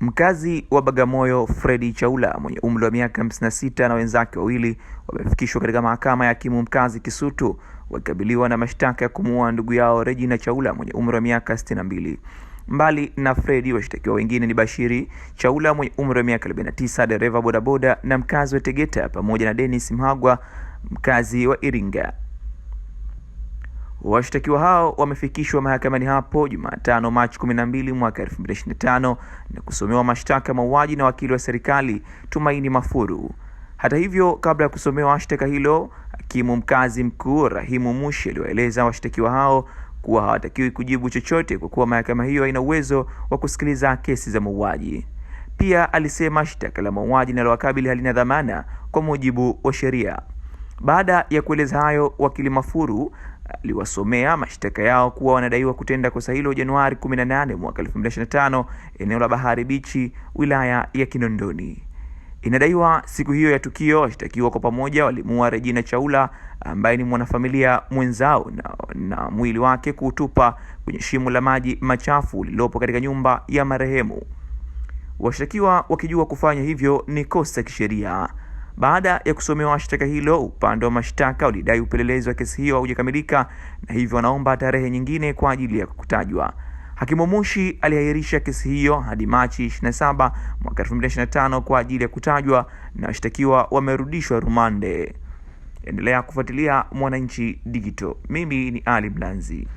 Mkazi wa Bagamoyo Fredi Chaula mwenye umri wa miaka 56 na wenzake wawili wamefikishwa katika mahakama ya hakimu mkazi Kisutu wakikabiliwa na mashtaka ya kumuua ndugu yao Regina Chaula mwenye umri wa miaka 62. Mbali na Fredi, washtakiwa wengine ni Bashiri Chaula mwenye umri wa miaka 49, dereva bodaboda na mkazi wa Tegeta, pamoja na Dennis Mhagwa mkazi wa Iringa. Washtakiwa hao wamefikishwa mahakamani hapo Jumatano Machi 12 mwaka 2025 na kusomewa mashtaka ya mauaji na wakili wa serikali Tumaini Mafuru. Hata hivyo, kabla ya kusomewa shtaka hilo, hakimu mkazi mkuu Rahimu Mushi aliwaeleza washtakiwa hao kuwa hawatakiwi kujibu chochote kwa kuwa mahakama hiyo haina uwezo wa kusikiliza kesi za mauaji. Pia alisema shtaka la mauaji linalowakabili halina dhamana kwa mujibu wa sheria. Baada ya kueleza hayo, wakili Mafuru aliwasomea mashtaka yao kuwa wanadaiwa kutenda kosa hilo Januari 18 mwaka 2025 eneo la Bahari Bichi, wilaya ya Kinondoni. Inadaiwa siku hiyo ya tukio washtakiwa kwa pamoja walimuua Regina Chaula ambaye ni mwanafamilia mwenzao na, na mwili wake kuutupa kwenye shimo la maji machafu lililopo katika nyumba ya marehemu, washtakiwa wakijua kufanya hivyo ni kosa kisheria. Baada ya kusomewa shtaka hilo, upande wa mashtaka ulidai upelelezi wa kesi hiyo haujakamilika na hivyo wanaomba tarehe nyingine kwa ajili ya kutajwa. Hakimu Mushi aliahirisha kesi hiyo hadi Machi 27 mwaka 2025 kwa ajili ya kutajwa na washtakiwa wamerudishwa rumande. Endelea kufuatilia Mwananchi Digital. Mimi ni Ali Mlanzi.